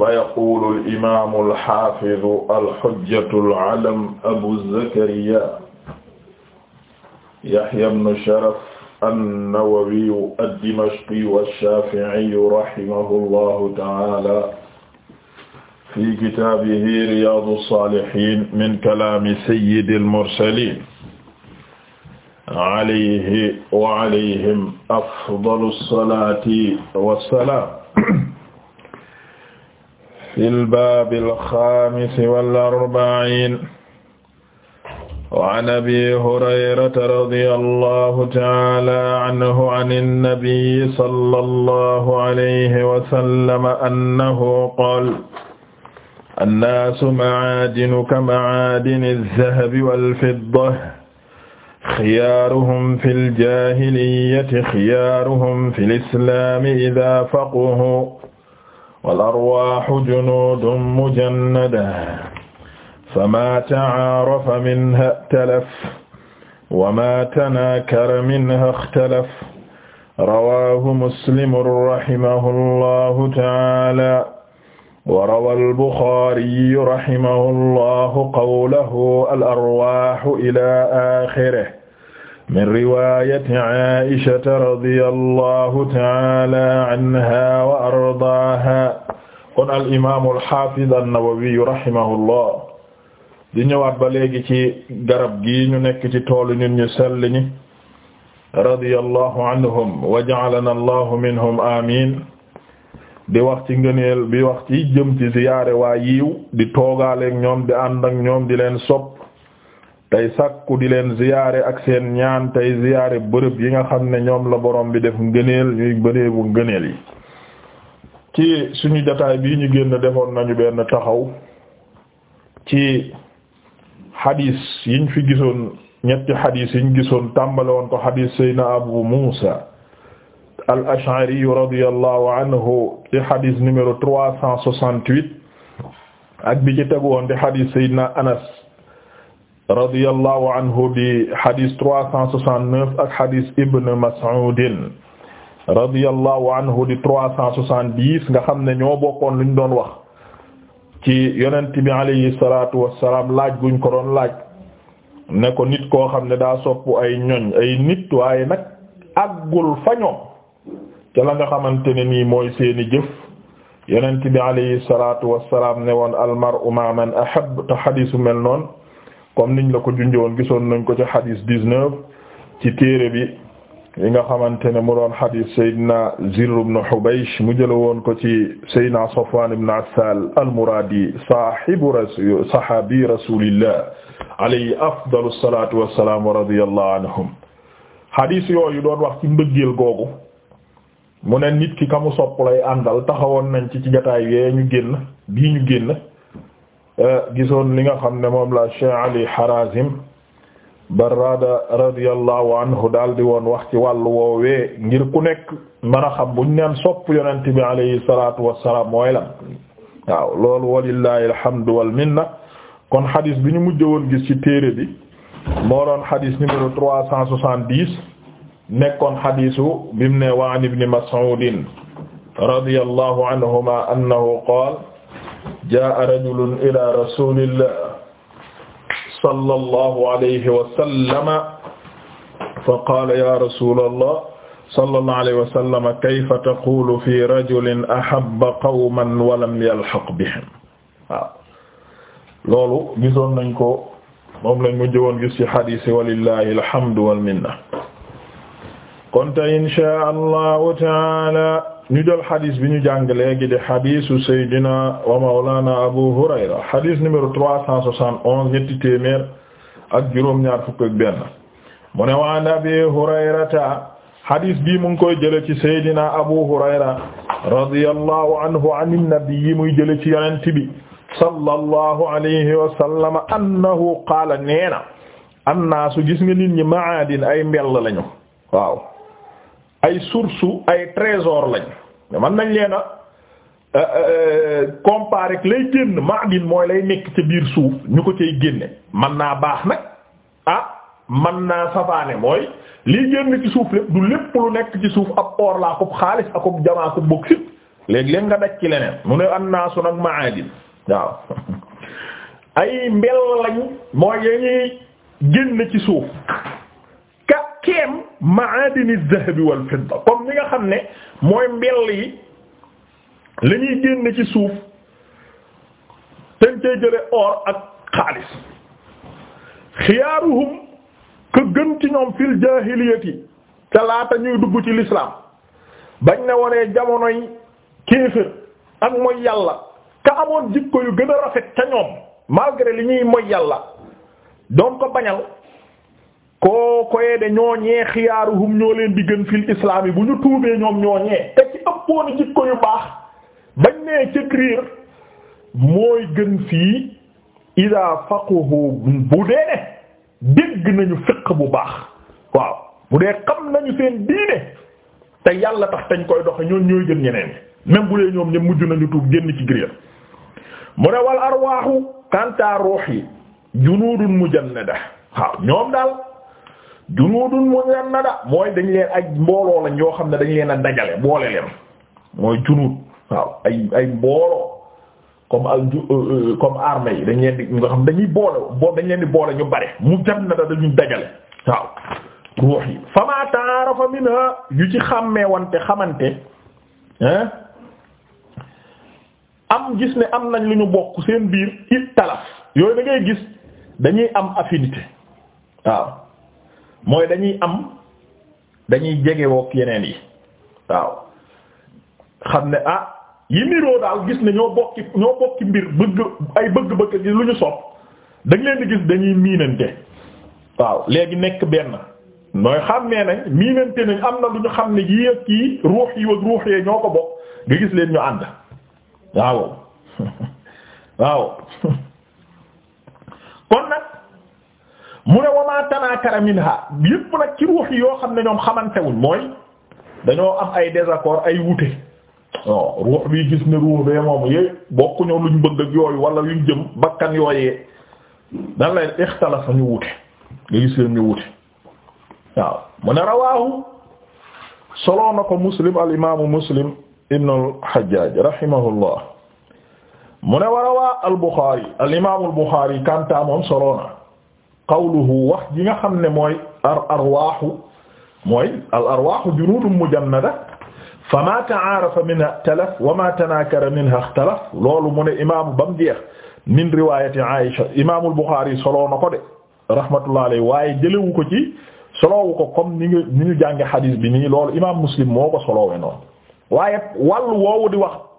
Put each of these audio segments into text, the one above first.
fa yaqulu al-imaamu al-haafidu al-hujjatu al-alam abu zakariyaa yahya ibnu sharaf an-nawawiyu ad-dimashqiyu ash-shaafi'iyu rahimahullahu ta'aala fi kitaabihi riyaadu saalihiin min kalaami sayyidil mursaliin alayhi wa alayhim afdalu salaati wa salaam fi lbaabi alxaamisi wal arba'iin wa an abi hurayrata radiyallahu ta'aala anhu an an-nabiyyi sallallahu alayhi wa sallam annahu qaala annaasu ma'aadinu kama'aadini az-zahabi wal-fiddati xiyaaruhum fil jaahiliyyati xiyaaruhum fil islaami idaa faqqahuu wal arwaahu junuudun mujannada famaa ta'aarafa minhaa i'talaf wa maa tanaakara minhaa ixtalaf rawaahu muslimun rahimahullaahu ta'aalaa wa rawal buxaariyu rahimahullaahu qawlahu al arwaahu ilaa aaxirihi min riwaayati Aïshata radiyallahu ta'ala anha wa ardaaha kon al imaamu al haafiz an-Nawawi rahimahullah di ñëwaat ba léegi ci garab gii ñu nekk ci toolu nit ñu sell ñi radiyallahu anhum wa ja'alana Allahu minhum amiin di wax ci ngëneel bi wax ci jëm ci ziyaare waa yiiw di toogaaleek ñoom di ànd ak ñoom di leen sopp tey sakku di leen ziyaare ak seen ñaan tey ziyaare bërëb yi nga xam ne ñoom la borom bi def ngëneel ñuy bëree bu ngëneel yi ci suñu jotaay bii ñu génn defoon nañu benn taxaw ci xadiis yiñ fi gisoon ñetti xadiis yiñ gisoon tàmbale ko xadiis sayna abu muusa al ash'ari radiyallahu anhu ci xadiis numéro trois cent soixante-huit ak bi ci tegu woon di xadiis sayna anas radiyallahu anhu di hadis trois cent soixante-neuf ak hadis Ibn Mas'ud radiyallahu anhu di trois cent soixante nga xam ne ñoo bokkoon luñ doon wax ci yonent bi alayhi salaatu wassalaam laaj guñ ko doon laaj ne ko nit koo xam ne daa sopp ay ñoñ ay nit waaye nag àggul fa ñoom ca la nga xamante ne nii mooy seeni jëf yonent bi alayhi salaatu wassalaam ne woon al mar'u ma man ahab te xadisu mel noon comme niñ la ko junjoon gisoon nañ ko ci hadis dix-neuf ci téere bi yi nga xamante ne mu doon hadis Seydina Zirr ibn Hubaysh mu jële woon ko ci Seydina Safwan ibn Assal al-Muradi sahibu rasul sahabi rasulillah alayhi afdalu salatu wassalam wa radiyallahu anhum hadis yooyu doon wax ci mbëggeel googu mu ne nit ki kamu sopp lay àndal taxawoon nañ ci ci jotaay yee ñu génn bii ñu génn gisoon li nga xam ne moom la Cheikh Ali Harazim Barrada radiyallahu anhu daal di woon wax ci wàllu woowee ngir ku nekk mën a xam buñ naan sopp yonent bi alayhi salaatu wassalaam mooy lan waaw loolu walillahi alhamdu wal minna kon xadis bi ñu mujj woon gis ci téere bi moo doon xadis numéro trois cent soixante-dix nekkoon xadisu bimu ne wa an ibni Mas'udin radiyallahu anhuma annahu qaala jaa rajulun ila rasulillah sallallahu alayhi wa sallama fa qaala ya rasulallah sallallahu alayhi wa sallama kayfa taqulu fi rajulin ahabba qawman wa lam yalhaq bihim waaw loolu gisoon nañ ko moom lañ mujj woon gis ci hadiis yi walillahi alhamdu wal minna kon tey inshaa Allahu taala ñu jël xadis bi ñu jàng léegi di xadisu Seydina wa Mawlana Abu Hurayra xadis numéro trois ak juróom-ñaar fukk ak mu ne waan Abi Hurayrata xadis bii mu ngi koy jële ci Seydina Abu Hurayra radiyallahu anhu an nabi muy jële ci yonent bi sallallahu alayhi wa sallam annahu qaala neena annaasu gis nga nit ñi maadin ay mbell lañu waaw ay source ay trésor lañ man nañ leen a euh, euh, comparer ak lay génn maadin mooy lay nekk ca biir suuf ñu ko cay génne man naa baax nag ah man naa safaane mooy liy génn ci suuf lépp du lépp lu nekk ci suuf ab or laa ko xaalis akub jamaa ko bokk sit léegi-léeg nga daj ci leneen mu ne annaasu nag maadin waaw ay mbel lañ mooy yee ñuy génn ci suuf ceem ma'adini dhahabi wal fidda comme ni nga xam ne mooy mbell yi la ñuy génn ci suuf ten cey jële or ak xaalis xiyaaruhum ke gën ci ñoom fil jaahiliyati ca laata ñuy dugg ci lislaam bañ ne wonee jamonoy kéefër ak mooy yàlla ka amoon jikko yu gën a rafet ca ñoom malgré li ñuy moy yàlla doon ko bañal koo koyee de ñooñee xiyaaruhum ñoo leen di gën fii islaam yi bu ñu tuubee ñoom ñoo ñooñee te ci ëppoon jikko koy baax bañ nee cëg riir mooy gën fii ida faquhu bu dee ne dégg nañu fiq bu baax waaw bu dee xam nañu seen diine te yàlla tax dañ koy doxe ñoon ñooy gën ñeneen même bu dee ñoom ñe mujj nañu tuub génn ci griir mu ne wal arwaaxu kanta ruux yi junuudun mujannada waaw ñoom daal junuudun munannada mooy dañ leen ay mbooloo lañ yoo xam ne dañ leen a dajale boole leen mooy junuud waaw ay ay mbooloo comme al euh, euh, yi dañ leen di nga xam dañuy boole boo dañ leen di boole ñu bare mu jam na dañuy dañu dajale waaw ruux yi fama taarafa minha yu ci xàmmee wante xamante am gis ne am nañ lu ñu bokk seen biir it talaf yooyu da gis dañuy am affinité waaw mooy dañuy am dañuy jegewook yeneen yi waaw xam ne ah yi niroo daal gis ne ñoo bokki ñoo bokki mbir bëgg ay bëgg-bëgg lu ñu sopp dañ leen di gis dañuy miinante waaw léegi nekk benn mooy xam ne nañ miinante nañ am na lu ñu xam ne yi ak kii ruux yi ak ruux yee ñoo ko bokk nga gis leen ñu ànd waaw waaw kon nag mu ne wamaa tanaakara minha yépp nag ci ruux yi yoo xam ne ñoom xamantewuñ mooy dañoo am ay désaccord ay wute o ruux bi gis ne ruux bee moom yé bokkuñu luñ bëgg yooyu wala luñ jëm bakkan yooyee dan lay ixtalaf ñu wute nga gis leen ñu wute waaw mu ne rawaahu soloo na ko muslim al imaamu muslim ibnu al hajjaaj rahimahullah mu ne wa rawaa al buxaari al imaamu al buxaari kanta moom soloo qawluhu wax ji nga xam ne mooy ar arwaaxu mooy al arwaaxu junuudun mujannada fa ma ta'aarafa minha talaf wa ma tanaakara minha ixtalaf loolu mu ne imaamu ba mu jeex min riwaayati Aïcha imaamul Buxaari soloo na ko de rahmatullahi alayhi waaye jëlewu ko ci soloowu ko comme ni ñu ni ñu jànge xadiis bi nii loolu imaam Muslim moo ko soloowe noonu waaye wàllu woowu di wax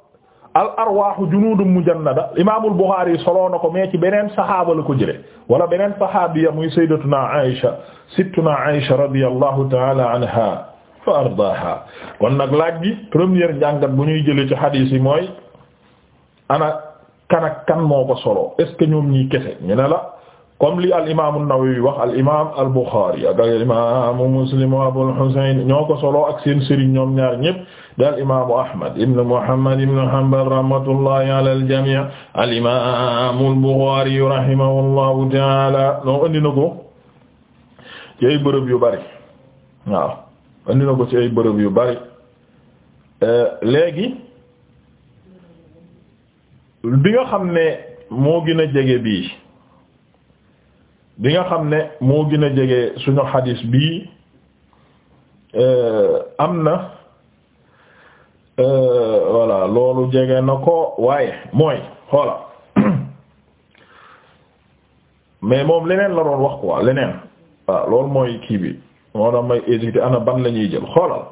al arwaahu junuudun mujannada imaamul Buxaari soloo na ko mais ci beneen saxaaba la ko jëlee wala beneen saxaabiya muy sayyidatuna Aïcha sittuna Aïcha radiyallahu ta'ala anha fa ardaaha kon nag laaj gi première njàngat bu ñuy jëlee ci xadiis yi mooy ana kan ak kan moo ko solo est ce que ñoom ñii kese ñu ne la. comme li al imaamu Nawawi wax al Muslim wa Abul Husayn ñoo solo ak seen sëriñ ñoom ñaar ñépp daal imaamu Ahmad ibn Muhammad ibn Hanbal rahmatullahi ala al jamii al imaamu al Buxaari rahimahullahu taala noo yu bari yu bari léegi bi nga xam ne moo gën jege bii. bi nga xam ne moo gin a jege suñu xadis bii euh, am na euh, voilà loolu jege na ko waaye mooy xoola mais moom leneen la doon wax quoi leneen waaw lool mooy kii bi moo tax may hésité ana ban la ñuy jël xoolal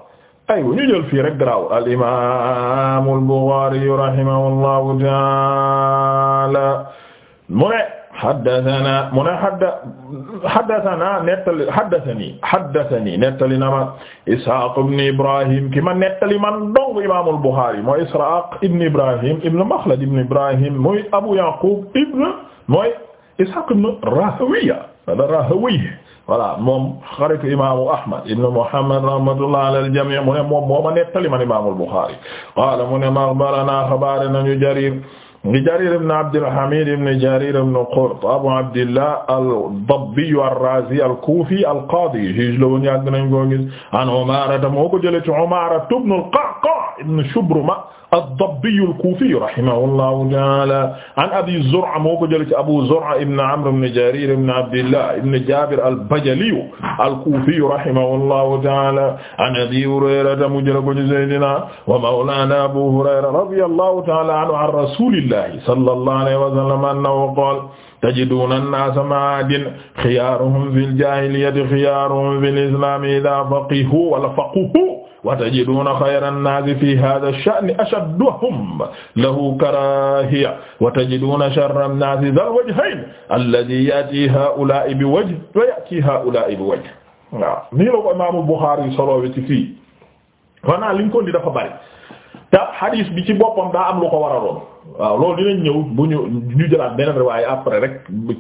aywa ñu jël fii rek garaaw al imaam al Buxaari rahimahullahu taala mu ne xaddasanaa mu ne xadda xaddasanaa nettali xaddasani xaddasani nettali na ma Ishaaq ibn Ibrahim ki ma nettali man dong imaamul Buxaari mooy Ishaaq ibn Ibrahim ibn Maxlad ibn Ibrahim mooy Abu Yaquub ibn mooy Ishaaq ibn Raahawayh wala Raahawayh voilà moom xaritu imaamu Ahmad ibn Muhammad rahmatullah ala al-jamii' mu ne moom moo ma nettali man imaamul Buxaari qaala mu ne ma axbaranaa xabaar nañu Jariir Jarir ibn Abdil Hamid ibn Jarir ibn Qurt Abu Abdillah ad-Dabbi ar-Razi al-Kufi al-Qadi juge la woon yàgg nañ ko gis an Umara moo ko jëlee ci Umara ibn al-Qa'qa' ibn Shubruma ad-Dabbi al-Kufi rahimahullahu ta'ala an Abi Zur'a moo ko jëlee ci Abu Zur'a ibn Amr ibn Jarir ibn Abdillah ibn Jabir al-Bajali al-Kufi rahimahullahu ta'ala an Abi Hurayra mu jëlee ko ci Sayyidina wa mawlana Abu Hurayra radiyallahu ta'ala anhu an Rasulillah rasulillahi sallallahu alayhi wa sallam annahu qaala tajiduuna an-naasa ma'aadin xiyaaruhum fil jaahiliyyati xiyaaruhum fil islaami idaa faqihu wala faqihu wa tajiduuna xayra an-naasi fi haadha ash-sha'ni ashadduhum lahu karaahiya wa tajiduuna sharra an-naasi dhal wajhayn alladhii ya'tii haa'ulaa'i bi wajh wa ya'tii haa'ulaa'i bi wajh waaw nii la ko Imaam Buxaari solo ci fii maanaam li mu ko indi dafa bari te hadiis bi ci boppam daa am lu ko waraloon waaw loolu dinañ ñëw bu ñu ñu jëlaat beneen riwaay après rek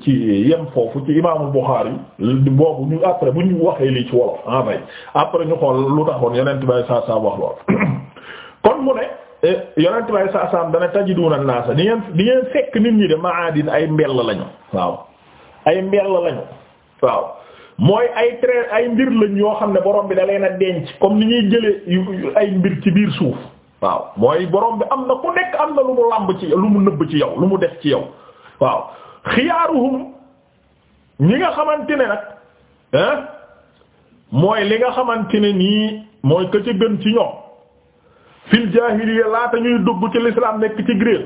ci yem foofu ci imaamul Buxaari boobu ñu après bu ñu waxee lii ci wolof en fait après ñu xool lu taxoon yonent bay saa wax lool kon mu ne eh, yonent bay saa saa dana tajiduna naasa di ngeen di ngeen fekk nit ñi de maadin ay mbell lañu waaw ay mbell lañu waaw mooy ay train ay mbir lañ yoo xam ne borom bi da leen a denc comme ni ñuy jëlee ay mbir ci biir suuf. waaw mooy borom bi am na ku nekk am na lu mu làmb ci lu mu nëbb ci yaw lu mu def ci yow waaw xiyaaruhum ñi nga xamante ne nag ah mooy li nga xamante ne nii mooy ka ci gën ci ñoom fil jaahiliya laata ñuy dugg ci l'islam nekk ci gréel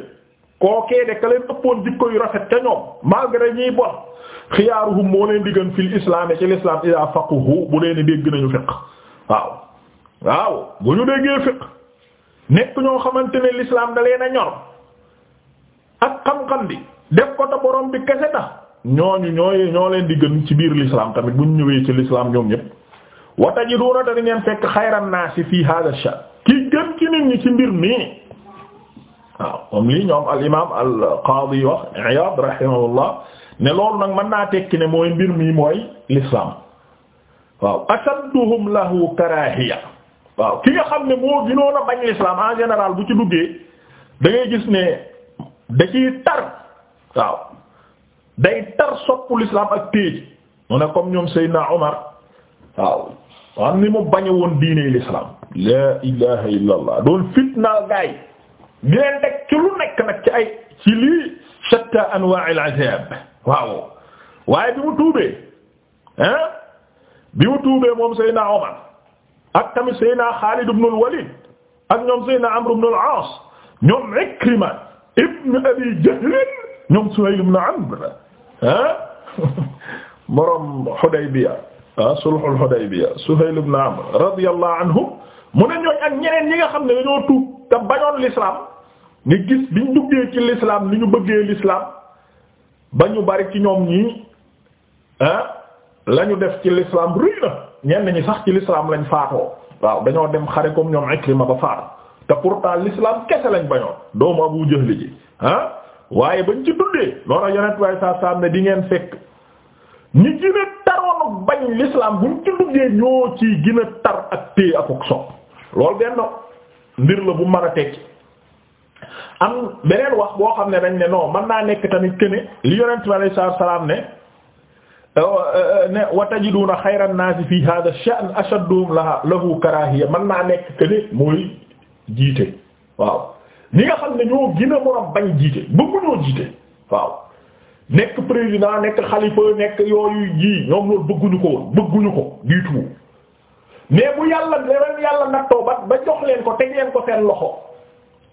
kookee de ka leen ëppoon jikko yu rafet ca ñoom malgré ñiy bon xiyaaruhum moo leen di gën fil islam ci l'islam ila faquhu bu leen dégg nañu fiq waaw waaw bu ñu déggee fiq nekk ñoo xamante ne lislaam da leen a ñor ak xam-xam bi def ko ta borom bi kese tax ñooñu ñooy ñoo leen di gën ci biir l'islam tamit bu ñu ñëwee ci l'islam ñoom ñëpp wa tajiduna te di ngeen fekk xayran naasi fii hadha ash-sha'n ki gën ci nit ñi ci mbir mii waaw moom lii ñoom al imaam al qaadi wax Iyaad rahimahullah ne loolu nag mën naa tekki ne mooy mbir mii mooy lislaam waaw asadduhum lahu karaahiya waaw ki nga xam ne moo gënoon a bañ l'islam en général bu ci duggee da gis ne da ciy tar waaw day tar soppu l'islam ak téeji mu ne ñoom Seydina Omar waaw am ni mu bañ woon diine l'islam la ilaha illa doon fitnaal gaay di leen teg ci lu nekk nag ci ay ci lii shatta anwa' al waaw waaye bi mu tuubee hein bi mu tuubee moom Seydina Omar ak tamit Seydina Xaalid ibn al ak ñoom Seydina Amr ibn al-Aas ñoom Ikrima ibn Abi Jahl ñoom Suhayl ibn Amr ah borom Hudaybiya ah sulhul Hudaybiya Suhayl ibn Amr radiyallahu mu ne ñooñ ak ñeneen ñi nga xam ne dañoo tuub te bañoon l'islam nga gis biñ duggee ci l'islam ni ñu bëggee lislaam ba ñu bari ci ñoom ñii ah def ci l'islam ruy na ñenn ñi sax ci l'islam lañ faatoo waaw dañoo dem xare comme ñoom Ikrima ba faatu te pourtant l'islam kese lañ bañoon doomu Abu Jahl ji ah waaye bañ ci tuddee loolu ak yonent waaye saa saa ne di ngeen fekk ñi gën a taroon bañ l'islam buñ ci duggee ñoo ci gën tar ak téye ak ak sopp loolu benn mbir la bu mën a tekki am beneen wax boo xam ne dañ ne non mën naa nekk tamit këne li yonent waaye saa salaam ne ne wa tajiduna xayra an-naasi fi hadha ash-sha'n ashadduhum laha lahu karaahiya mën naa nekk que ne mooy jiite waaw ñi nga xam ne ñoo gën a mën a bañ jiite bëgguñoo jiite waaw nekk président nekk xalifa nekk yooyu ji ñoom loolu bëgguñu ko woon bëgguñu ko du tout bu yàlla leen yàlla nattoo ba ba jox leen ko teg leen ko seen loxo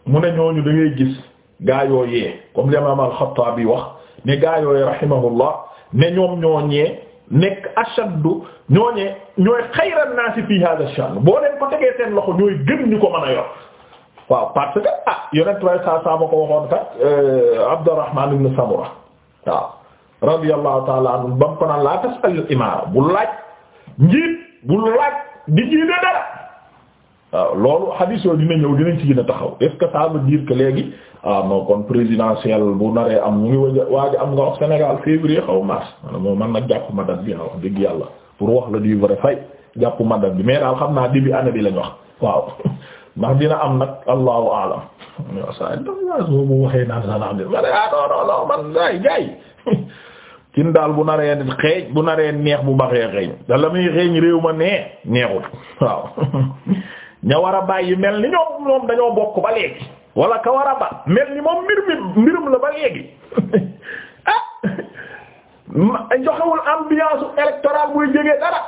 mu ne ñooñu da ngay gis gaayoo yee comme l'imam al-Khattabi wax ne gaayoo yee rahimahullah ne ñoom ñooñee nekk ashaddu ñooñee ñooy xayran naasi fi hada boo leen ko tegee seen loxo ñooy gën ñu ko mën a yor waaw parce que ah yonent way saa saa ma ko waxoon kat euh, Abdurrahman ibn Samura waaw radiyallahu ta'ala bam ko naan la tasal imaara bu laaj njiit bu laaj di jiite dara waaw loolu hadith yooyu dina ñëw dinañ ci gën a taxaw est-ce que ça veut dire que léegi ah non kon présidentiel bu naree am mu ngi waaj am nga Sénégal février xaw mars man nag jàpp ma bi ah wax dëgg yàlla pour wax la du vrai fay bi mais daal xam naa début année bi lañ wax waaw ndax dina am nag allahu alam waaw saa yi dafa bu waxee naan ah sax kin daal bu naree xeeñ bu naree neex bu baxee xeeñ da xeeñ réew ma nee neexut waaw. ña war a bàyyi mel ni ñoom ñoom dañoo bokk ba léegi wala ka war a ba mel ni moom mbir mi la ba léegi ah joxewul ambiance muy jege dara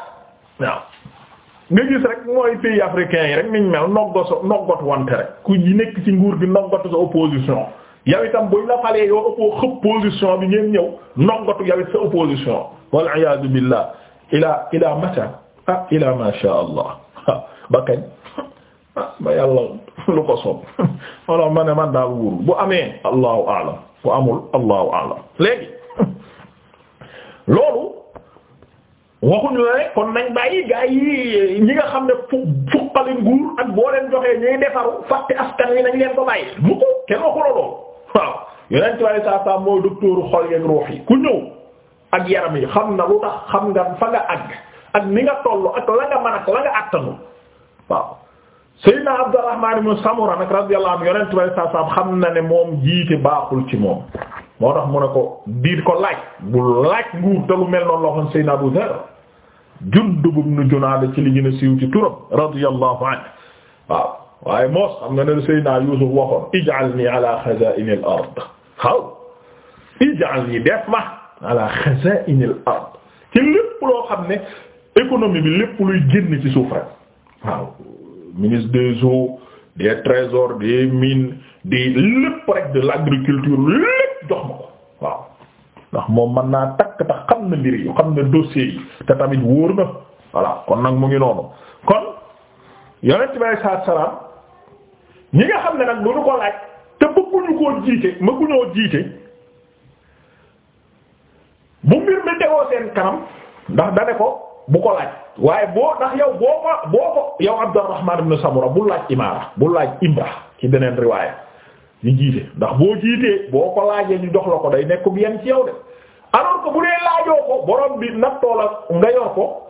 nga gis rek mooy pays africain yi rek niñ mel noggo sa noggot wante ku ñi nekk ci nguur gi noggatu sa opposition yow itam buñ yoo ëppoo bi ngeen ñëw noggatu yow it sa opposition wal iyaadu billah ila ila mata ah ila ma sha allah ba kañ ah ba yàlla lu ko soob walla ma man daal wóorul bu amee allahu alam bu amul allahu alam léegi loolu waxuñu la ne kon nañ bàyyi gaa yi nga xam ne fu fuqali ak boo leen joxee ñuy defaru fàtte askan wi nañ leen ko bàyyi mu ko kenn waxu la loolu waaw yeneen ci waaye saa saa mooy docteur xol yeek yi ku ñëw ak yaram xam na lu tax xam nga fa nga àgg ak ni ak la nga man ak la Seydina Abdurrahman ibn Samura nag radiyallahu anhu yonent bi saa saam xam na ne moom jiite baaxul ci moom moo tax mu ne ko diir ko laaj bu laaj nguur te lu mel noonu loo xam Seydina Abu Dharr Jundub ibn Junaada ci li gën a siiw ci turam radiyallahu anhu waaw waaye moos xam nga ne Seydina Yuusuf waxoon ij'alnii ala xazaa'inil ard xaw ij'alnii def ma ala xazaa'inil ard ci lépp loo xam ne économie bi lépp luy génn ci suuf rek waaw ministre des eaux des trésors des mines des lépp rek de l'agriculture lépp jox ma ko waaw ndax moom mën naa takk te xam na mbir yi xam na dossier yi te tamit wóor na voilà kon nag mu ngi noonu kon yonent bi alayhi salaatu ñi nga xam ne nag lu ñu ko laaj te bëgguñu koo jiite mëgguñoo jiite bu mbir mi tegoo seen kanam ndax dane ko bu ko laaj waaye boo ndax yow boo ko boo ko yow Abdurrahman ibn Samura bu laaj imaara bu laaj imra ci beneen riwaaya ñu jiite ndax boo jiitee boo ko laajee ñu jox la ko day nekk bien ci yow de alors que bu dee laajoo ko borom bi nattoo la nga yor ko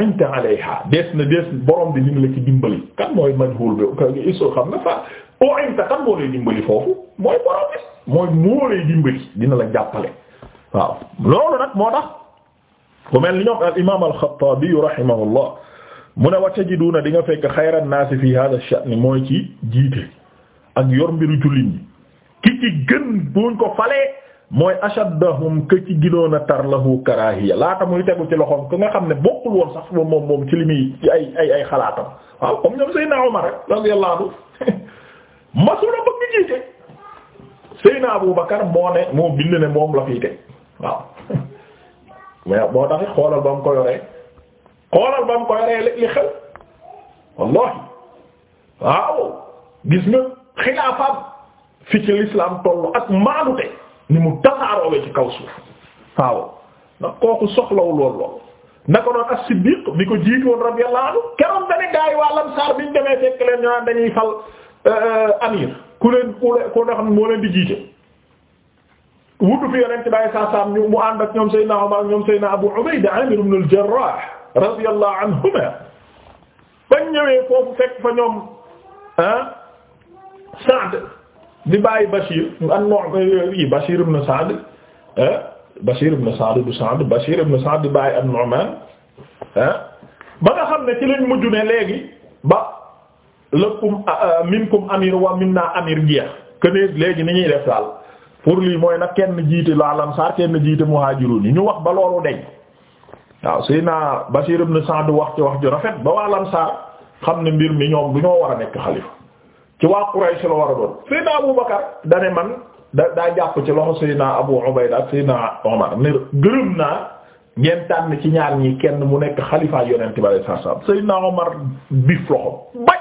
inta alayha des na des borom bi ñu la ci dimbali kan mooy majhul bi iso xam inta kan moo lay dimbali foofu mooy borom bi mooy moo lay dimbali dina la jàppale waaw loolu nag moo tax ku mel ni ñoom al imaam al-Xattaabi rahimahullah mu ne wa tajiduuna di nga fekk xayra naasi fi haaza sha'n mooy ci jiite ak yor mbiru jullit ñi ki ci gën buñ ko falee mooy ashaddahum ke ci ginoon tar lahu karaahiya laata muy tegu ci loxoom ku nga xam ne bokkul woon sax moom moom ci li muy ay ay xalaatam waaw comme ñoom Seydina Abu Bakar moo ne moo bind ne moom la waaw mais boo taxit xoolal ba mu ko yoree xoolal ba mu ko yoree li xew wallahi waaw gis nga xilaafaam fi ci l'islam tollu ak maanute ni mu tasaaroowee ci kaw suuf waaw ndax kooku soxlawul woon lool naka noonu as-Siddiq bi ko jiitu woon radiyallahu anhu keroon benn gaa yi waa Ansaar biñ demee fekk leen ñu naan dañuy fal euh, euh, amir ku leen moo leen di jiite. wutu fi yonent bi saa saam ñu mu ànd ak ñoom Seydina Omar ñoom Abu Ubayda Amir ibn al-Jarrah radiyallahu anhuma bañ ñëwee foofu fekk fa ñoom ah Saad di bàyyi Bashir an Nu'man yi Bashir ah, Bashir ibn Saad du Saad Bashir ibn Saad di bàyyi an Nu'man ah ba nga xam ne ci lañ mujj ne léegi ba lakum ah, ah, minkum amir wa minna amir jeex que ne léegi ni ñuy def daal. pour mooy nag kenn jiite laalansaar kenn jiite muhaajiruun yi ñu wax ba loolu deñ waaw Seydina Bashir ibn Sa'd wax ci wax ju rafet ba waa lansaar xam ne mbir mi ñoom bu ñoo war a nekk xalifa ci waa Quraysh la war a doon Seydina Abu Bakar dane man da daa jàpp ci loxo Seydina Abu Ubayda ak Omar ne gërëm naa ngeen tànn ci ñaar ñi kenn mu nekk xalifaa yonent ba lay saa saa Omar bif loxo bañ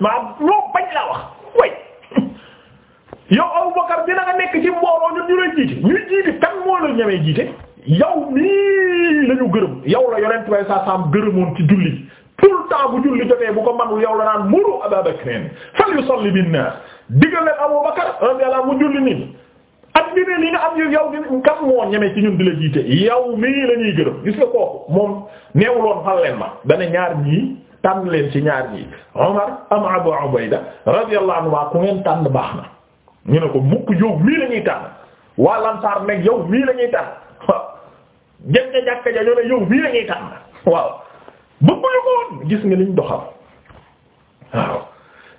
maa loo bañ laa wax way yow Abubakar dina nga nekk ci mbooloo ñun ñu lay jiite ñu jiite kan moo la ñëwee jiite yow nii la ñu gërëm yow la yonent way sa sam gërëmoon ci julli tout le bu julli jotee bu ko manul yow la naan muru Abaa Bakrin fal yusalli bin naas digal leen Abubakar radiyallahu mu julli nit ak dine li nga am yu yow di kan moo ñeme ci ñun di la jiite yow mii la gërëm gis ko kooku moom neewuloon fal leen ma dana ñaar ñii tànn leen ci ñaar ñii Umar am Abu Ubayda radiyallahu anhu ngeen tànn baax na ñu ne ko mukk yow mii la ñuy tànn waa Lansaar nekk yow mii lañuy ñuy tànn waaw jëm nga jàkka gis nga liñ doxal waaw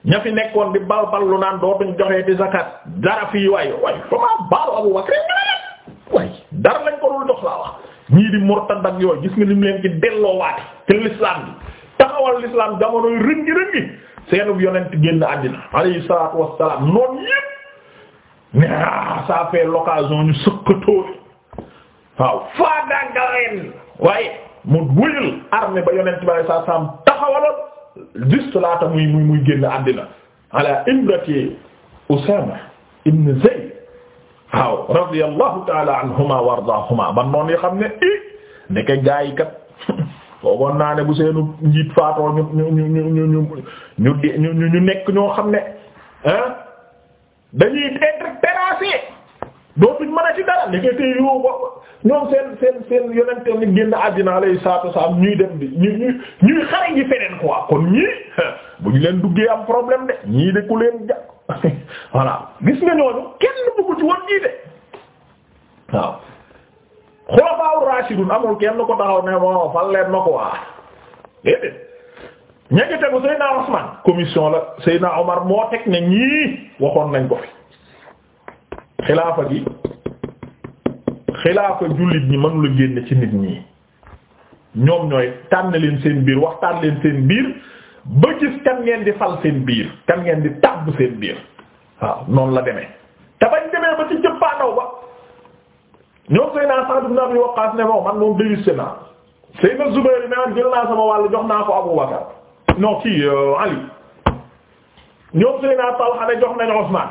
ña fi nekkoon di bal lu naan dootuñ joxee di zakat dara fii waaye waaye fa maa baalu Abu Bakr waaye dara lañ ko dul dox laa wax ñii di murtad ak yooyu gis nga lim leen ci delloo waate te l'islam bi taxawal l'islam jamonoy rëngi rëngi seenu yonent génn àddina alayhi salaatu wassalaam noonu yépp mais ah ça fait l'occasion ñu sëqatoo waaw faa dàggaleen waaye mu wuyul armée ba yonent bi alayhi salaam taxawaloon juste laata muy muy muy génn àddina ala imrati Usaama ibn Zayd waaw radiyallahu ta'ala anhuma wa ardaahuma ban noonu yi xam ne i ndeke gaa yi kat foogoon naa ne bu seenu njiit faatoo ñu ñu ñu ñu ñu ñu ñu ñu nekk ñoo xam ne ah dañuy passé dootuñ mën a ci dara ndeketee yoo ko ñoom seen seen seen yonente ni génn àddina alayhi salaatu wasalaam ñuy dem di ñuy ñuy xare ji feneen quoi kon ñii bu ñu leen duggee am problème de ñii de ku leen jàpp voilà gis nga ñooñu kenn bëggu ci woon ñii de waaw xulafaa rashidun amul kenn ko taxaw ne moo fal leen ma ko waa déedéet tegu Seydina Usman commission la Seydina Omar moo teg ne ñii waxoon nañ ko fi. xilaafa gi xilaafa jullit ñi mënula génn ci nit ñi ñoom ñooy tànn leen seen biir waxtaan leen seen biir ba gis kan ngeen di fal seen biir kan ngeen di tàbb seen biir waaw noonu la demee te bañ demee ba ci jëppaandaw ba ñoom Seydina Sa'd ibn Abi Waqqas ne moom man moom dégiste naa Seydina Zubayr naan jël naa sama wàll jox naa ko Abu Bakar non kii euh, Ali ñoom Seydina Talha ne jox nañu Usman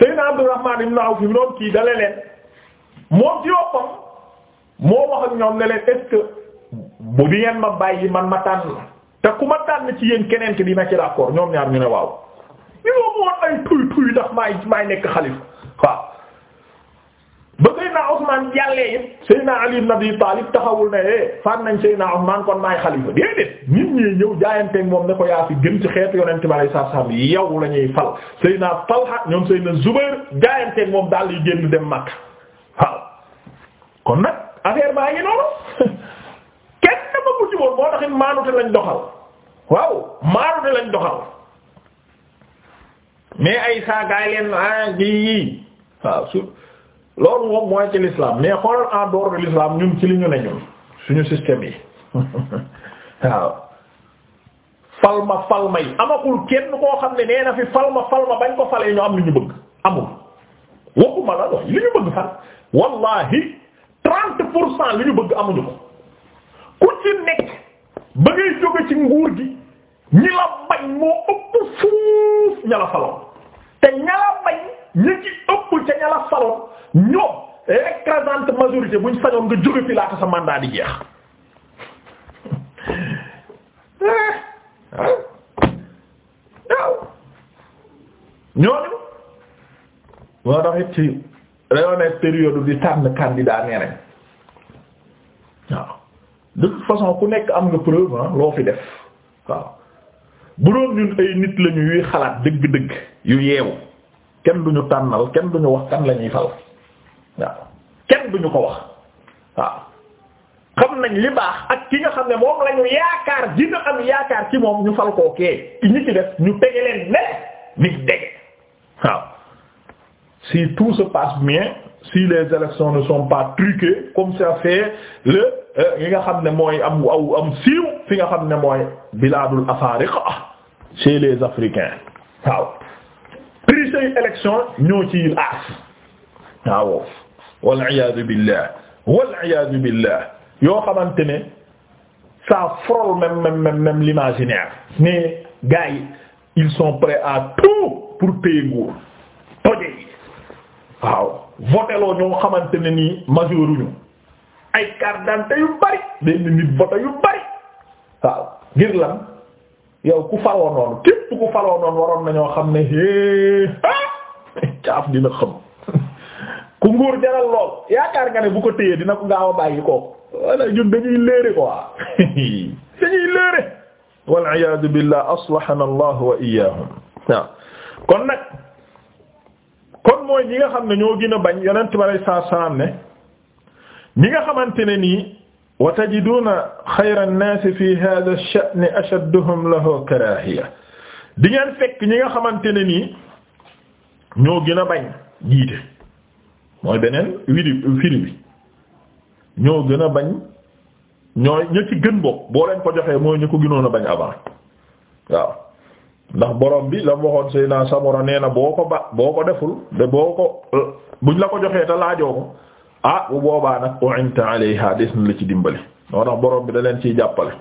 Seydina Abdurrahman ibn Awf fi mu doon kii dale leen moom ci yoppam moo wax ak ñoom ne leen est bu di ngeen ma bàyyi man ma tànn te ku ma tànn ci yéen keneen ki dina ci d'accord ñoom ñaar ñu ne waaw. ñu ne woon ay tuy tuy ndax maay maay nekk xalifa waaw. Seydina Ousmane jàllee it Seydina Ali ibn Abi taxawul na eh faat nañ Seydina Ousmane kon maay xalifa déedéet nit ñi ñëw jaayanteeg moom ne ko yaa fi ci xeetu yonent bi alayhi salaam yow la ñuy fal Seydina ñoom Seydina Zubair jaayanteeg moom daal yi génn dem Makka waaw kon nag affaire baa ngi noonu kenn dafa ko jiwoon moo taxit maanute lañ doxal waaw maanute lañ doxal mais ay saa leen ah ji yii waaw loolu moom mooy ci l'islam mais xoolal en dehors ñun ci li ñu ne ñun suñu système yi waaw falma falma yi amagul kenn koo xam ne nee na fi falma falma bañ ko falee ñu am li ñu bëgg amul waxuma la looy li ñu bëgg fan wallahi trente pour cent li ñu bëgg amuñu ko ku ci nekk ba jóge ci nguur gi ñi la bañ moo ëpp fuuf ña la faloon te ñala bañ ñi ci ëpp ca ñala faloon ñoom écrasante majorité buñ sañoon nga jóge fi laata sa mandat di jeex waaw moo tax it ci dañoo nekk période di tànn candidat nee nañ waaw de toute façon ku nekk am nga preuve ah, loo fi def waaw bu doon ñun nit lañu yuy xalaat dëgg-dëgg yu yeewu kenn ñu tànnal kenn ñu wax kan lañuy fal waaw kenn ñu ko wax waaw xam nañ li baax ak ki nga xam ne moom lañu yaakaar dina am yaakaar ci moom ñu fal koo kee ñi def ñu tege leen ne nit dege waaw si tout se passe bien si les élections ne sont pas truquées comme ça fait le yi euh, nga xam ne mooy am aw am siiw fi nga xam ne mooy bilaadul afaariqa chez les africains waaw tricher yu élection ñoo ci aas waaw wal iyaadu billah wal iyaadu billah yoo xamante ne ça frôle même même même même l'imaginaire mais gars ils sont prêts à tout pour téye nguur toje yi waaw voteloo ñoo xamante ne nii majooruñu ay carte yu bari benn nit vote yu bari waaw ngir yow ku faloo noonu képp ku faloo noonu xam ne hee caaf dina xam ku nguur jaral lool yaakaar nga ne bu ko téyee dina ko gaaw a bàyyi kooku walla ñun dañuy léere quoi dañuy léere wal iyaadu billah aslahana allah wa iyaahum kon nag kon mooy ñi nga xam ne ñoo gën a bañ yonent bi sallallahu alayhi ne ñi nga xamante ne nii wa tajiduuna xayra nnaasi fi haadha ash-sha'ni ashadduhum lahu karaahiya di ngeen fekk ñi nga xamante ne nii ñoo gën a bañ jiite mooy beneen wiri firi bi ñoo gën a bañ ñooy ña gën bopp boo leen ko joxee mooy ñu ko gënoon bañ avant waaw ndax borom bi la waxoon Seydina Samura nee na boo ko ba boo ko deful de boo ko euh, buñ la ko joxee te laajoo ko. ah bu boobaa nag u'inta alayha des na la ci dimbali moo tax bi daleen leen ciy jàppale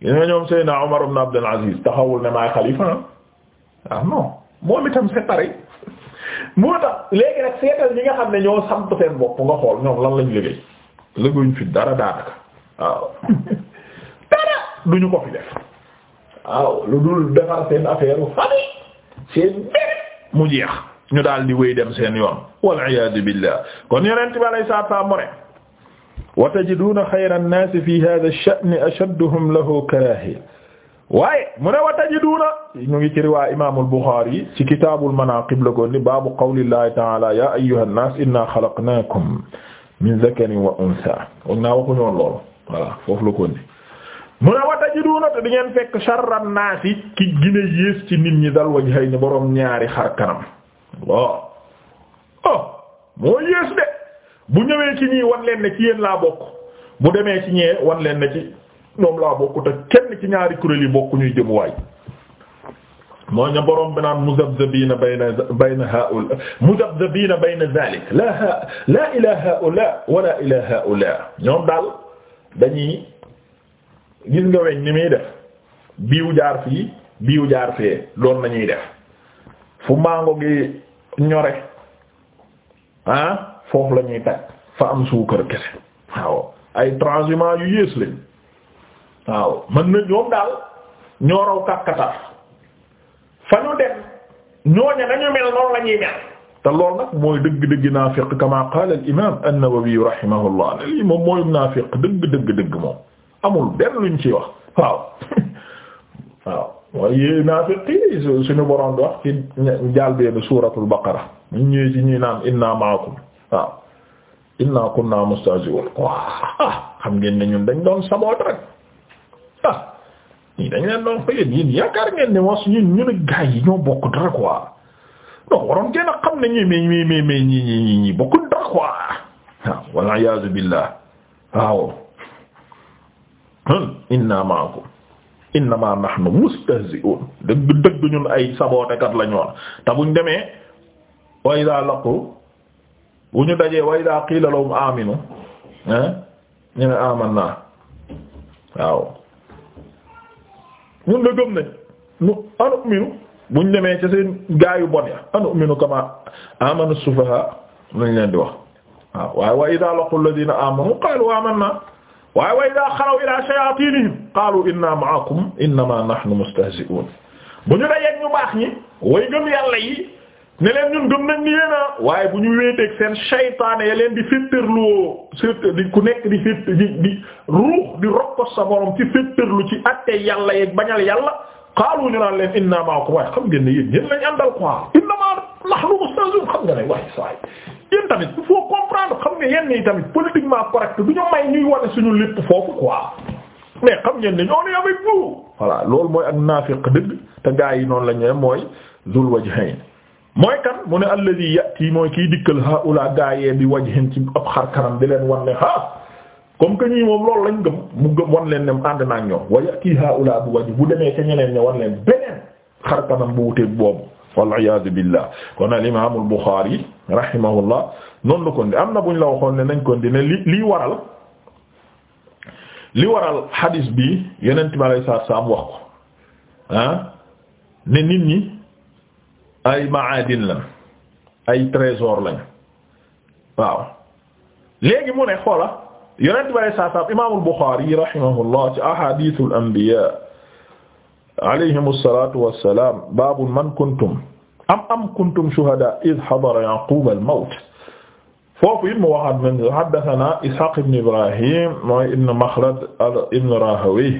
gis nga ñoom Seydina Omar ibn Abdul Aziz taxawul ne maay xalifa ah. ah non moom itam c'est pareil moo tax léegi nag seetal ñi nga xam ne ñoo samp seen bopp nga xool ñoom lan lañu liggéey liggéeyuñ fi dara daanaka waaw dara duñu ko fi def waaw lu dul defar seen affaire famille seen mbir mu jeex ñu daal di wéy dem seen yoon wal iyaadu billah kon yonent bi alayhi salaatu salaam mu ne wa tajiduuna xayra an-naasi fi haadha ash-sha'ni ashadduhum lahu karaahiya waaye mu ne wa tajiduuna ñu ngi ci riwaaya imaamul Buxaari ci kitaabul manaaqib la ko ni baabu qawlillaahi ta'aalaa yaa ayyuhan naas innaa xalaqnaakum min zakarin wa unsaa wax naa waxuñu woon loolu voilà foofu la ko ni mu ne wa tajiduuna te di ngeen fekk sharran naasi ki gën a yées ci nit ñi dal wajhayni boroom ñaari xar kanam waaw oh moo yées de bu ñëwee ci ñii wan leen ne ci yéen laa bokk bu demee ci ñee wan leen ne ci ñoom laa bokk kenn ci ñaari kuréel yi bokk ñuy jëm waay moo ña borom bi naan muzabzabina bayna bayna haula muzabzabina bayna zalik la ha la ila haula wala ila ñoom daal dañuy gis nga weñ ni muy def biiw jaar fii biiw jaar fee loolu nañuy def fu mango gi ñore ah foofu lañuy ñuy tag fa am suukar kese waaw ay transhumants yu yées lañ waaw mën na daal ñoo raw kàkkatar fa ñu dem ñooña nañu mel noonu la mel te lool nag mooy dëgg-dëgg naafiq kama qaala al imam an-Nawawi moom mooy naafiq dëgg-dëgg-dëgg moom amul benn luñ ci wax waaw waaw waaye naafiqi suñu boroom di wax ci njàlbéenu suuratul baqara ñu ñëwee ci ñuy naan inna ma'akum waaw inna kunna mustahzi'un waaw xam ñun dañ doon saboot rek ah ñii dañ leen doon xëy yéen yaakaar ngeen ne ñun ñu ne gaa yi ñoo bokk dara quoi non waroon ngeen a ñii ñii ñii ñii ñii bokkul dara quoi ah, waaw billah inna ma'akum innama nahnu mustahzi'un dëgg dëgg ñun ay sabootekat lañu woon te buñ demee wa idha laqu bu ñu dajee wa idha qila lahum aminu ah, ñu ne amanna waaw ñun da gëm nañ nu anu minu buñ demee ci seen gaayu bon ya anu minu kama amanu sufaha lañ leen di wax waaw waaye wa idha laqu alladhina amanu qalu amanna waaye wa idaa xalaw ilaa shayaatiinihim qaalu innaa ma'akum innamaa nahnu mustahzi'uun bu ñu dajee ñu baax ñi way gëm yàlla yi ne leen ñun gëm nañ ni yéen waaye bu ñu wéeteeg seen shaytaane ya leen di féttërloo surtout di ku nekk di fétt di di ruux di rokkos sa borom ci féttërlu ci atte yàlla yeeg bañal yàlla qaalu ñu naan leen innaa ma'akum waaye xam ngeen ne yéen ñeen lañ àndal quoi innamaa xam nga ne waaye saa yéen tamit il faut comprendre xam nga yenn yi tamit politiquement correct du ñu may ñuy wane suñu lépp foofu quoi mais xam ngeen ne ñoo ne avec nous voilà loolu mooy ak naafiq dëgg te gaa yi noonu la ñu mooy zul wajhayn mooy kan mu ne alladhi yati mooy kiy dikkal haula gaa yee bi wajhin ci ab xar kanam di leen wan ne ah comme que ñii moom loolu lañ gëm mu gëm wan leen ne ànd naa ak ñoom wa yati haula bi wajh bu demee ca ñeneen ña leen beneen xar kanam bu wuteeg boobu. waliyasu billah kon al imam al Bukhari rahimahullah noonu la kon di am na buñ la waxoon ne nañ kon di ne li lii waral li waral hadis bi yenent bi alay saatu salaam wax ko ah, ne nit ñi ay maadin lañ ay trésor lañ waaw léegi mu ne xoola yonent bi alay saatu salaam imam al Bukhari rahimahullah ci ahadithul anbiya alayhim alsalatu wassalam babu man kuntum am am kuntum shuhada id hadara yaqub al mawt foofu it mu waxaat men haddathana ishaq ibn ibrahim mooy ibn makhlad ibn rahawayh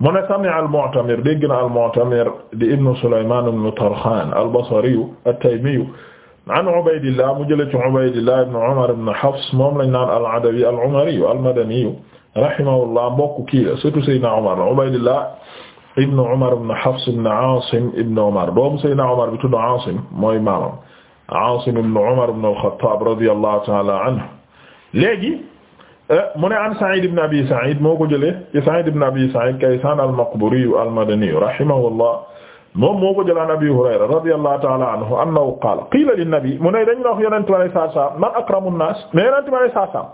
mu ne sami'a al-Mu'tamir dégg na al-Mu'tamir di ibn Sulaymaan ibn Tarxaan al-Basri at-Taymi an Ubaydillah mu jëlee ci Ubaydillah ibn Umar ibn Hafs moom lañ naan al-Adawi al-Umari al-Madani rahimahullah mbokk kii la surtout Seydina Umar Ubaydillah ibn Umar ibn Hafs ibn Asim ibn Umar doomu Seydina Umar bi tudd Asim mooy maamam Asim ibn Umar ibn al-Khattab radiyallahu ta'ala anhu léegi eh, mu ne an Sa'id ibn Abi Sa'id moo ko jëlee ci Sa'id ibn Abi Sa'id Kaysan al-Maqburi al-Madani rahimahullah moom moo ko jëlee an Abi Hurayra radiyallahu ta'ala anhu annahu qaala qiila lin-nabi mu ne dañu wax Yonent bi sallallahu alayhi wa sallam man akramu an-naas mais Yonent bi sallallahu alayhi wa sallam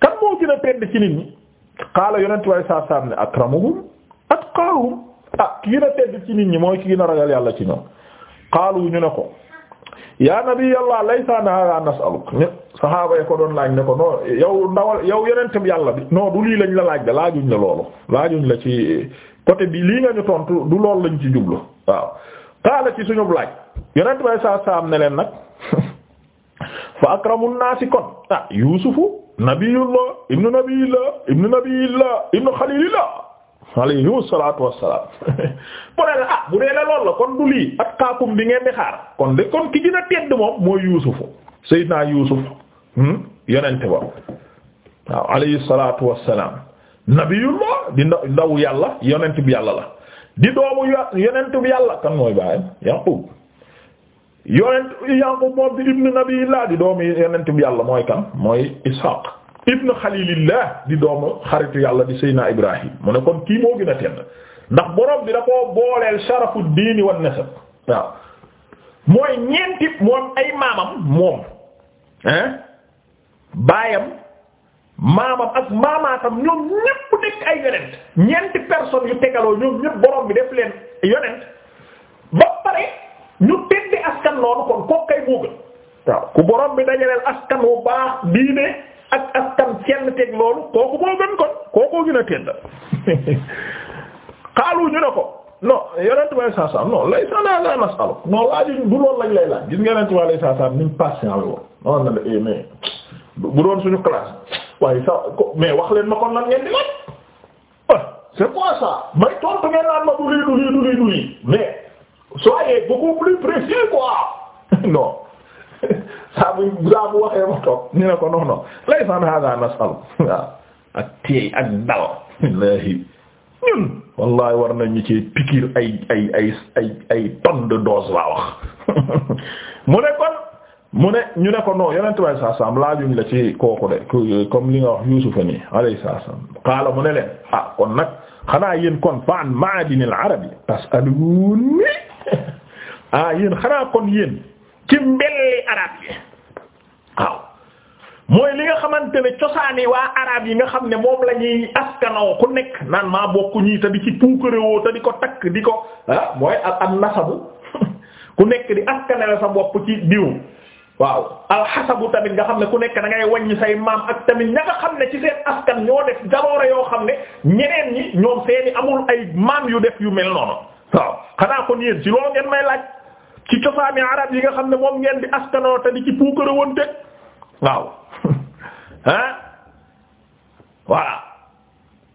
kan moo gën a tedd ci nit ñi qaala Yonent bi sallallahu alayhi wa sallam ne akramuhum atqaahum ak ah, ki gën a tedd ci nit ñi mooy ki gën ragal yàlla ci ñoom xaalu ñu ne ko yaa nabiyallah laysa hada nasaluk ñu saxaaba yi ko doon laaj ne ko non yow ndawal yow yonentam yàlla bi non du lii lañ la laaj de laajuñ la loolu laajuñ la ci côté bi lii nga ñu tontu du lool lañ ci jublu waaw xaala ci suñu laaj yonent bay saa saam ne leen nag fa akramu naasi kon ah yusufu nabiyullah ibnu nabiyillah ibnu nabiyillah ibnu xalilillah alayhi salaatu wassalaam mu ne la ah bu dee la lool la kon du lii at kaakum bi ngeen di xaar kon de kon ki gën tedd moom mooy yuusufu seydinaa yuusuf hmm, yonente ba waaw alayhi salaatu wassalaam nabiyullah di ndaw ndaw yàlla yonent bi yàlla la di doomu yonent bi yàlla kan mooy baayam yonent yaqub yàlla mooy kan mooy ishaq ibn xalilillah di doomu xaritu yàlla di Seydina Ibrahim mu ne kon kii moo gën a tedd ndax borom bi da koo booleel sharafu diini wan nasab waaw mooy ñeenti moom ay maamam moom hein baayam maamam ak maamaatam ñoom ñépp nekk ay yonent ñeenti personnes yu tegaloo ñoom ñépp borom bi def leen yonent ba pare ñu teddi askan noonu kon kooku kay moo waaw ku borom bi dajaleel askan wu baax diine ak askan kenn teg loolu kooku moo gën kon kookoo gën a tedd xaalu ñu ne ko non yonent bi saa saa non lay saa naa laa masalu non laaj du loolu lañ lay laaj gis nga yonent bi lay saa ni mu patient noonu la mais bu doon suñu classe waaye sa mais wax leen ma kon lan ngeen di laaj ah ma du lii du lii du lii du lii mais soyez beaucoup plus précis quoi non. saa muy waxee ma toog ñu ne ko non non lay san hada nasal waaw ak teey ak dal ñun wallahi war nañu ci pikir ay ay ay ay ay tonne de dose laa wax mu ne kon mu ne ñu ne ko non yonent bay saa la ci kooku de comme li wax yusufa nii alayhi mu ne leen ah kon nag xanaa yéen kon fa an maadinil arabi tasaluun ah yéen xanaa kon yéen ci mbelli arab mooy li nga xamante ne cosaani waa arab yi nga xam ne moom lañuy ñuy askanoo ku nekk naan maa bokk ñii te di ci puukarewoo te di ko takk di ko ah mooy al am nasabu ku nekk di askanale sa bopp ci diw waaw alxasabu tamit nga xam ne ku nekk da ngay wàññi say maam ak tamit ña nga xam ne ci seen askan ñoo def jaloore yoo xam ne ñeneen ñi ñoom seeni amul ay maam yu def yu mel noonu waaw xanaa kon yéen si loolu ngeen may laaj ci cosaani arab yi nga xam ne moom ngeen di askanoo te di ci puukarewonte waaw hein voilà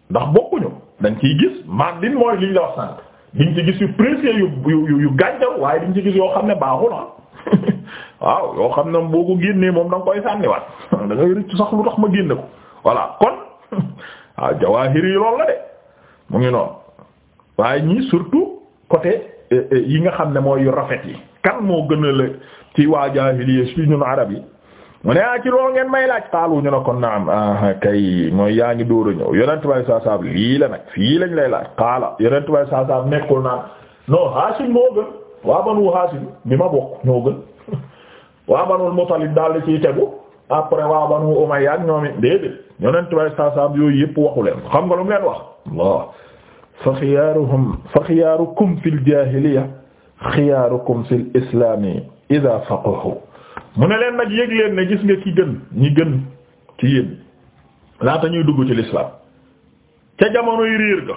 ndax bokkuñu dañ ciy gis man din mooy liñ la wax sànq diñ ci gis yu précieux yu yu yu gàncax waaye diñ ci gis yoo xam ne baaxu ah waaw yoo xam ne boo ko génnee moom da nga koy sànniwaat da ngay rëcc sax lu tax ma génne ko voilà kon waaw ah, jawaahir yi loolu la de mu ngi noonu waaye ñii surtout côté eh, eh, yi nga xam ne mooy yu rafet yi kan moo gën a la ci waa jaahiliya ci ñun arab yi. mu ne ah ci loolu ngeen may laaj xaalu ñu ne naam ah, kay mooy yaa ngi dóor a ñëw yonent bay yii saab la nag fii lañ lay laaj xaala yonent bay saa saab nekkul naan non Haasim moo gën waa Banu Haasim bi ma bokk ñoo gën waa Banul Mutalib daal di ciy tegu après waa Banu Umayya ak ñoom it déedéet yonent bay saa saab yooyu yëpp waxu leen xam nga lu mu leen wax Allah fa xiyaaruhum fa xiyaarukum fil jaahiliya xiyaarukum fil islaami idaa mu ne leen nag yëg leen ne gis nga ki gën ñi gën ci yéen laata ñuy dugg ci lislaam ca jamonoy riir ga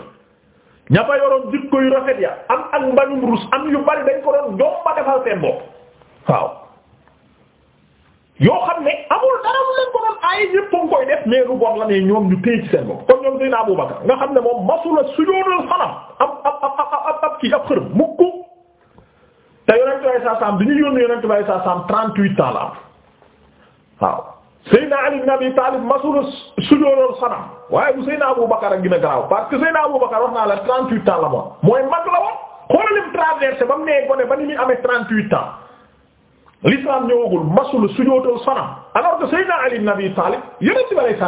ña fa yoroon jikko yu rafet ya am ak mbañum rus am yu bari dañ ko doon jomba defal seen bopp waaw yoo xam ne amul dara mu leen ko doon ay ñépp a koy def mais lu la ne ñoom ñu téye ci seen bopp kon ñoom Seydina Abubakar nga xam ne moom masula sujóodal xanam ab ab ab ab ab kii ab xërëm mukku te yonent bi saa saam bi ñu yónni yonent bi saa saam trente-huit ans la waaw Seydina Ali ibn Abi Talib masula sujjóotal sanam waaye bu Seydina Abu Bakar a garaaw parce que Seydina Abu Bakar wax naa la trente-huit ans la moom mooy mag la woon xoolalem traversé ba mu nee gone ba ni muy amee trente-huit ans l'islam ñëwagul masula sujjóotal sanam alors que Seydina Ali bi saa saam a bi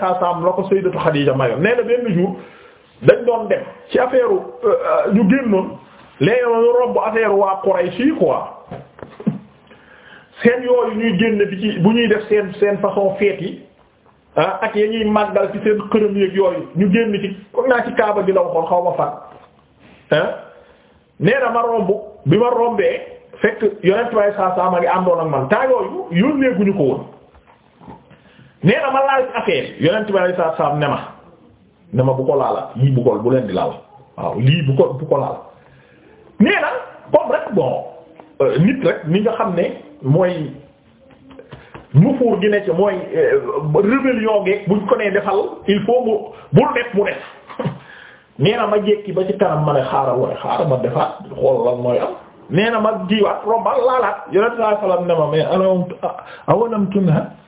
saa saam la ko Sayyidatu Xadiija mayoon nee na benn jour dañ doon dem ci affaire euh, ñu génnoon léegi ñu romb affaire waa Quraysh yi quoi seen yooyu ñuy génn bi ci bu ñuy def seen seen façon feet yi ah, ak ya ñuy màggal ci seen xërëm yeeg yooyu ñu génn ci kon naa ci kaaba gi la xaw ma fan ah ma romb bi ma rombee fekk yonent waaye saa saa ma ngi àndoon ak man temps yooyu yónneeguñu ko woon nee ma laal affaire yonent waaye saa saa ne ma. ne ma bu ko laala yii bu ko bu leen di laal waaw lii bu ko bu ko laal nee comme rek bon euh, nit rek ni nga xam ne mooy nufuur gi ne ci mooy euh, rébellion geeg buñ ko nee defal il faut mu bul def mu def nee ma jekki ba ci kanam ma ne xaaral a xaaral ma defaat xool lan mooy am nee ma jiwaat rombal laalaat yonent sallallahu alayhi wasallam ne mais awalam tunha